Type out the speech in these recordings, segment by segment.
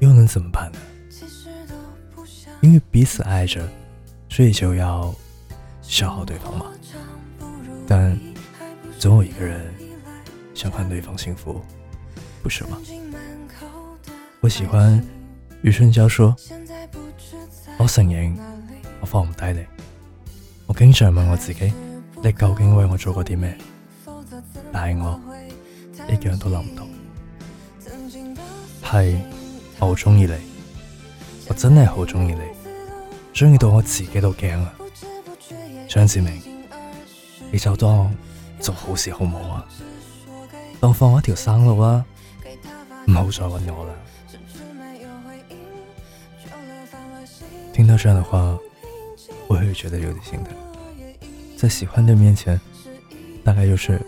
又能怎麼辦呢？因為彼此愛着，所以就要消耗對方嗎？但總有一個人想看對方幸福，不是嗎？是我喜歡余春嬌說我承認我放唔低你。我經常問我自己，你究竟為我做過啲咩？但係我一樣都諗唔到，係。我好鍾意你，我真係好鍾意你，鍾意到我自己都驚啊！張志明，你就當做好事好唔好啊？當放我一條生路啊，唔好再搵我啦。聽到這樣的話，我會覺得有點心疼。在喜歡的面前，大概就是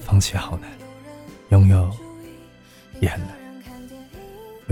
放棄好難，擁有也很難。